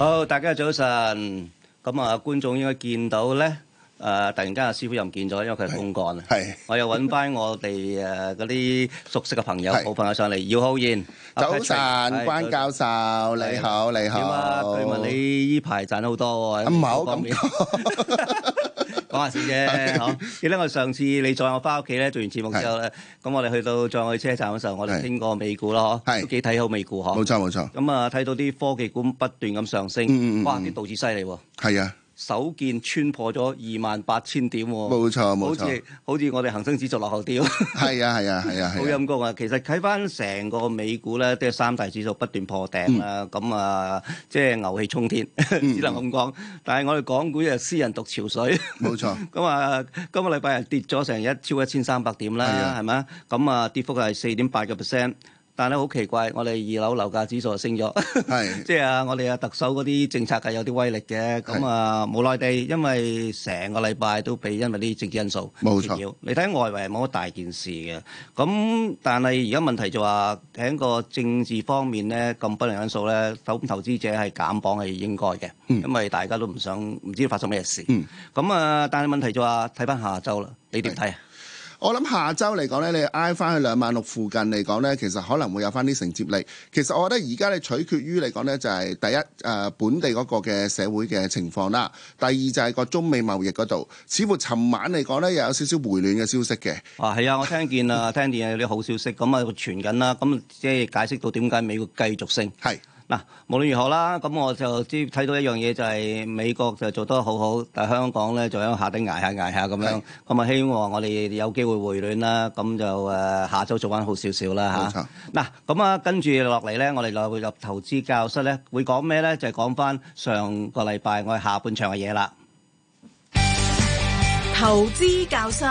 好，大家早晨。咁啊，觀眾應該見到咧，誒，突然間阿師傅又唔見咗，因為佢係公幹啊。係，我又揾翻我哋誒嗰啲熟悉嘅朋友好朋友上嚟姚浩然。早晨，關教授，你好，你好。點啊？佢問你依排賺好多喎。咁冇咁話事啫，嗬！ 記得我上次你載我翻屋企咧，做完節目之後咧，咁是我哋去到載我去車站嘅時候，我哋聽過美股咯，嗬是，都幾睇好美股，嗬是。冇錯冇錯。咁啊，睇到啲科技股不斷咁上升，嗯嗯哇！啲道指犀利喎。係啊。首見穿破咗二萬八千點冇錯冇錯，好似像錯我哋恒生指數落後啲，係啊係啊係啊，好陰功啊！其實睇返成個美股咧，都係三大指數不斷破頂啦，咁啊、嗯，即係牛氣沖天，嗯、只能咁講。但係我哋港股啊，斯人獨憔悴，冇錯。咁啊，今個禮拜日跌咗成一超一千三百點啦，係咪啊？咁啊，跌幅係四點八個 percent。但係咧好奇怪，我哋二樓樓價指數就升咗，即係啊，我哋啊特首嗰啲政策係有啲威力嘅，咁啊無奈地，因為成個禮拜都俾因為啲政治因素，冇錯。你睇外圍冇乜大件事嘅，咁但係而家問題就話喺個政治方面咧咁不良因素咧，首投資者係減磅係應該嘅，因為大家都唔想唔知發生咩事。咁啊，但係問題就話睇翻下週啦，你點睇啊？我諗下周嚟講咧，你挨翻去兩萬六附近嚟講咧，其實可能會有翻啲承接力。其實我覺得而家咧取決於嚟講咧，就係第一誒、呃、本地嗰個嘅社會嘅情況啦，第二就係個中美貿易嗰度，似乎尋晚嚟講咧又有少少回暖嘅消息嘅。啊，係啊，我聽見啊，聽見有啲好消息，咁啊 傳緊啦，咁即係解釋到點解美國繼續升係。嗱，無論如何啦，咁我就知睇到一樣嘢，就係美國就做得好好，但係香港咧就喺下底挨下挨下咁樣，咁啊希望我哋有機會回暖啦，咁就誒下周做翻好少少啦嚇。嗱錯，咁啊跟住落嚟咧，我哋落入投資教室咧，會講咩咧？就係講翻上個禮拜我哋下半場嘅嘢啦。投資教室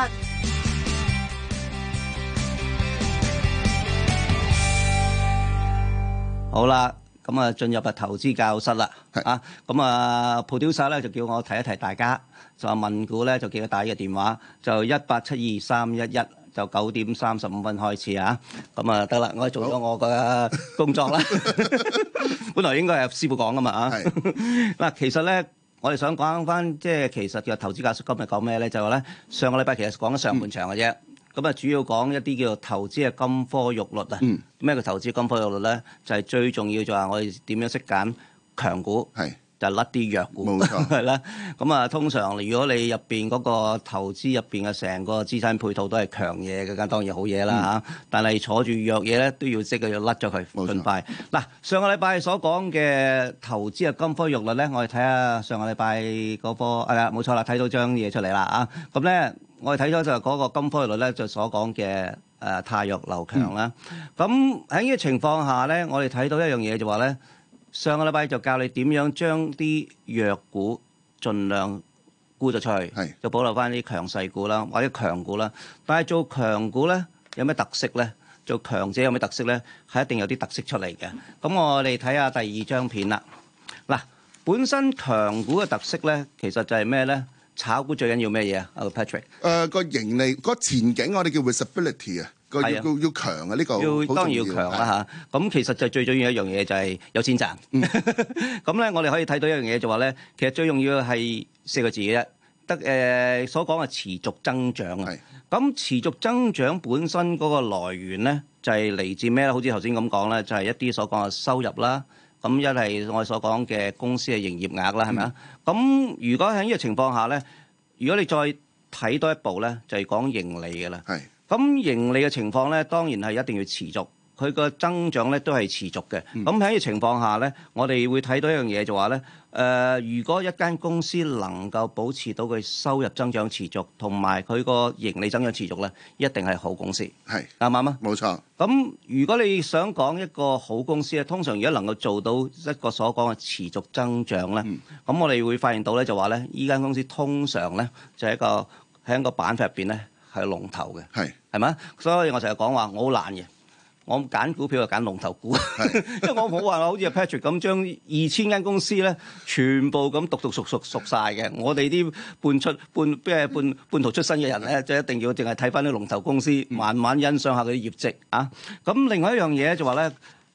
好啦。咁啊，進入啊投資教室啦，是啊，咁啊，producer 咧就叫我提一提大家，就話問股咧就記得打呢個電話，就一八七二三一一，就九點三十五分開始啊，咁啊得啦，我哋做咗我嘅工作啦，好 本來應該係師傅講噶嘛是啊，嗱，其實咧我哋想講翻，即係其實嘅投資教室今日講咩咧，就話、是、咧上個禮拜其實講咗上半場嘅啫。嗯。咁啊，主要講一啲叫做投資嘅金科玉律啊。嗯。咩叫投資金科玉律咧？就係最重要就係我哋點樣識揀強股，就甩啲弱股，係啦。咁啊，通常如果你入邊嗰個投資入邊嘅成個資產配套都係強嘢，嗰間當然好嘢啦嚇。但係坐住弱嘢咧，都要即刻要甩咗佢。冇錯。係啦。咁啊，通常如果你入邊嗰個投資入邊嘅成個資產配套都係強嘢，嗰間當然好嘢啦嚇。但係坐住弱嘢咧，都要即刻要甩咗佢。冇錯。嗱，上個禮拜所講嘅投資嘅金科玉律咧，我哋睇下上個禮拜嗰科，哎呀，冇錯啦，睇到張嘢出嚟啦啊，咁咧。我哋睇咗就係嗰個金科律咧，就所講嘅誒汰弱留強啦。咁喺呢個情況下咧，我哋睇到一樣嘢就話咧，上個禮拜就教你點樣將啲弱股盡量沽咗出去，就保留返啲強勢股啦，或者強股啦。但係做強股咧，有咩特色咧？做強者有咩特色咧？係一定有啲特色出嚟嘅。咁我哋睇下第二張片啦。嗱，本身強股嘅特色咧，其實就係咩咧？炒股最緊要咩嘢啊？阿 Patrick，誒個盈利、個前景，我哋叫 visibility 啊，個要要強啊，呢個好重要。要當然要強啦嚇。咁其實就最重要一樣嘢就係有錢賺。咁咧，我哋可以睇到一樣嘢就話咧，其實最重要係四個字嘅啫，得誒所講嘅持續增長啊。咁持續增長本身嗰個來源咧，就係嚟自咩咧？好似頭先咁講咧，就係一啲所講嘅收入啦。咁一係我所講嘅公司嘅營業額啦，係咪？咁如果喺呢個情況下呢，如果你再睇多一步呢，就係講盈利嘅啦。係、mm。咁、hmm. 盈利嘅情況呢，當然係一定要持續。佢個增長咧都係持續嘅。咁喺呢個情況下咧，我哋會睇到一樣嘢，就話咧誒，如果一間公司能夠保持到佢收入增長持續，同埋佢個盈利增長持續咧，一定係好公司，係啱唔啱啊？冇錯。咁如果你想講一個好公司咧，通常如果能夠做到一個所講嘅持續增長咧，咁我哋會發現到咧，就話咧，依間公司通常咧就係一個喺一個板塊入邊咧係龍頭嘅，係係嘛？所以我成日講話我好難嘅。我揀股票就揀龍頭股， 因為我冇話好似 Patrick 咁將二千間公司咧，全部咁讀讀熟熟熟晒嘅。我哋啲半出半即半半途出身嘅人咧，就一定要淨係睇翻啲龍頭公司，慢慢欣賞下佢啲業績啊。咁另外一樣嘢就話咧，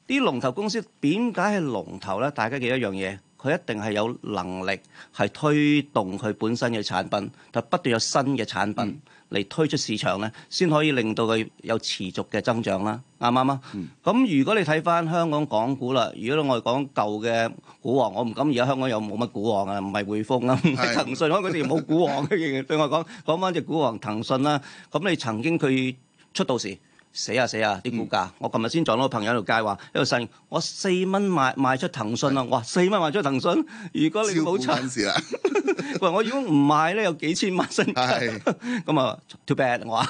啲龍頭公司點解係龍頭咧？大家記一樣嘢。佢一定係有能力係推動佢本身嘅產品，但不斷有新嘅產品嚟推出市場咧，先可以令到佢有持續嘅增長啦，啱唔啱啊？咁如果你睇返香港港股啦，如果我哋講舊嘅股王，我唔敢，而家香港又冇乜股王啊，唔係匯豐啊，唔係騰訊，我嗰時冇股王嘅，對我講講返隻股王騰訊啦。咁你曾經佢出道時。死啊死啊！啲股價，嗯、我琴日先撞到朋友喺度街話，喺度呻：「我四蚊賣賣出騰訊啊！是的 哇，四蚊賣出騰訊， 如果你冇趁時、啊。 喂，我如果唔賣咧，有幾千萬身家，咁啊，Too bad，我話，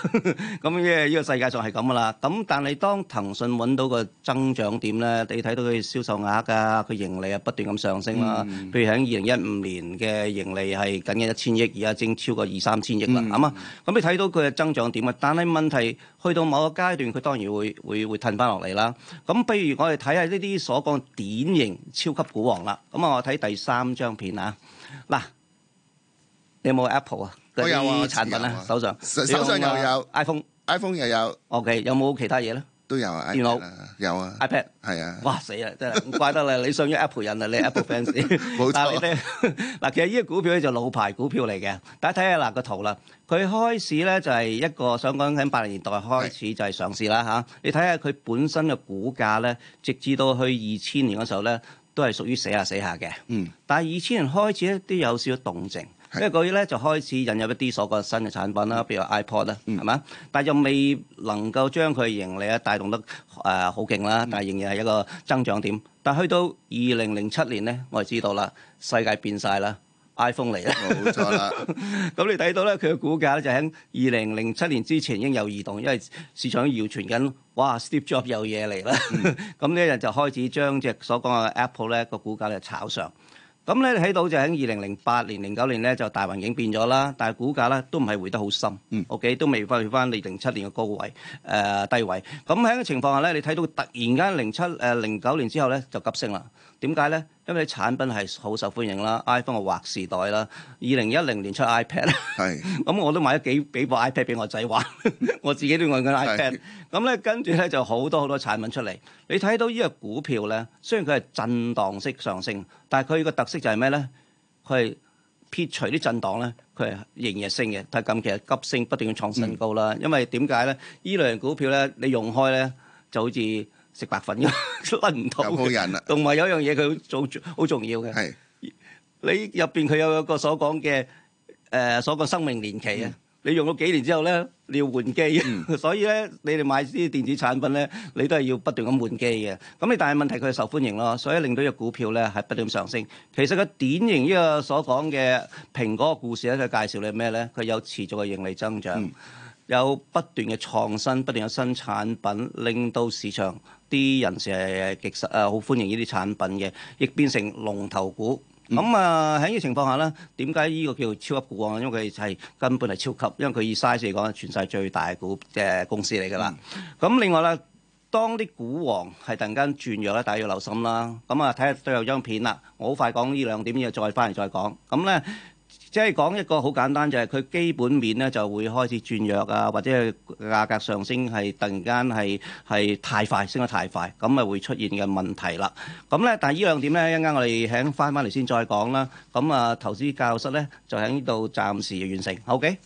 咁咧呢個世界上係咁噶啦。咁但係當騰訊揾到個增長點咧，你睇到佢銷售額啊，佢盈利啊不斷咁上升啦。譬如喺二零一五年嘅盈利係僅僅一千億，而家正超過二三千億啦。咁啊，咁你睇到佢嘅增長點啊。但係問題去到某一個階段，佢當然會會會褪翻落嚟啦。咁譬如我哋睇下呢啲所講典型超級股王啦。咁啊，我睇第三張片啊，嗱。你有冇 Apple 啊都有產品啊？手上手上又有 iPhone，iPhone 又有。O.K. 有冇其他嘢咧？都有啊，電腦有啊，iPad 係啊。哇！死啦，真係唔怪得啦。你信咗 Apple 人啦，你 Apple fans。冇錯。嗱，其實呢個股票咧就老牌股票嚟嘅。大家睇下嗱個圖啦，佢開始咧就係一個想講喺八零年代開始就係上市啦吓。你睇下佢本身嘅股價咧，直至到去二千年嗰時候咧，都係屬於死下死下嘅。嗯。但係二千年開始咧，都有少少動靜。一個咧就開始引入一啲所謂新嘅產品啦，譬如 iPod 啦、嗯，係嘛？但係又未能夠將佢盈利啊帶動得誒好勁啦，但係仍然係一個增長點。但係去到二零零七年咧，我哋知道啦，世界變晒啦，iPhone 嚟啦。冇錯啦。咁 你睇到咧，佢嘅股價咧就喺二零零七年之前已經有移動，因為市場都謠傳緊，哇，Steve Jobs 有嘢嚟啦。咁呢一日就開始將隻所講嘅 Apple 咧個股價咧炒上，咁你睇到就喺二零零八年、零九年呢，就大環境變咗啦，但係股價呢，都唔係回得好深，嗯、OK 都未翻回翻零七年嘅高位誒，呃，低位。咁喺呢個情況下呢，你睇到突然間零七誒，零九年之後呢，就急升啦，點解呢？因為產品係好受歡迎啦，iPhone 嘅劃時代啦，二零一零年出 iPad，咁是 我都買咗幾幾部 iPad 俾我仔玩， 我自己都用緊 iPad 是。咁咧，跟住咧就好多好多產品出嚟。你睇到呢個股票咧，雖然佢係震盪式上升，但係佢個特色就係咩咧？佢係撇除啲震盪咧，佢係仍然係升嘅。佢近期急升，不斷要創新高啦。嗯、因為點解咧？依類型股票咧，你用開咧就好似～食白粉嘅甩唔到人啊，同埋有樣嘢佢好做好重要嘅。係你入邊佢有個所講嘅，誒所講生命年期啊，你用咗幾年之後咧，你要換機，所以咧你哋買啲電子產品咧，你都係要不斷咁換機嘅。咁你但係問題佢係受歡迎咯，所以令到隻股票咧係不斷上升。其實個典型呢個所講嘅蘋果故事咧，佢介紹你咩咧？佢有持續嘅盈利增長。有不斷嘅創新，不斷有新產品，令到市場啲人士係其實啊，好歡迎呢啲產品嘅，亦變成龍頭股。咁啊喺呢個情況下咧，點解呢個叫做超級股王？因為佢係根本係超級，因為佢以 size 嚟講，全世界最大股嘅、呃、公司嚟㗎啦。咁、嗯、另外咧，當啲股王係突然間轉弱咧，大家要留心啦。咁啊，睇下都有張片啦。我好快講呢兩點嘢，再翻嚟再講。咁咧。即係講一個好簡單，就係佢基本面咧就會開始轉弱啊，或者係價格上升係突然間係係太快，升得太快，咁咪會出現嘅問題啦。咁咧，但係呢兩點咧一陣間我哋喺返返嚟先再講啦。咁啊，投資教室咧就喺呢度暫時完成，OK。